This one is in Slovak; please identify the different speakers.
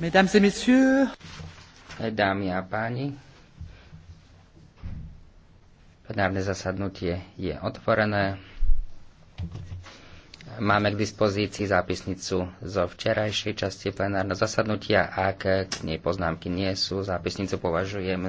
Speaker 1: Mesdames et messieurs.
Speaker 2: Dámy a páni, plenárne zasadnutie je otvorené. Máme k dispozícii zápisnicu zo včerajšej časti plenárneho zasadnutia. Ak k nej poznámky nie sú, zápisnicu považujem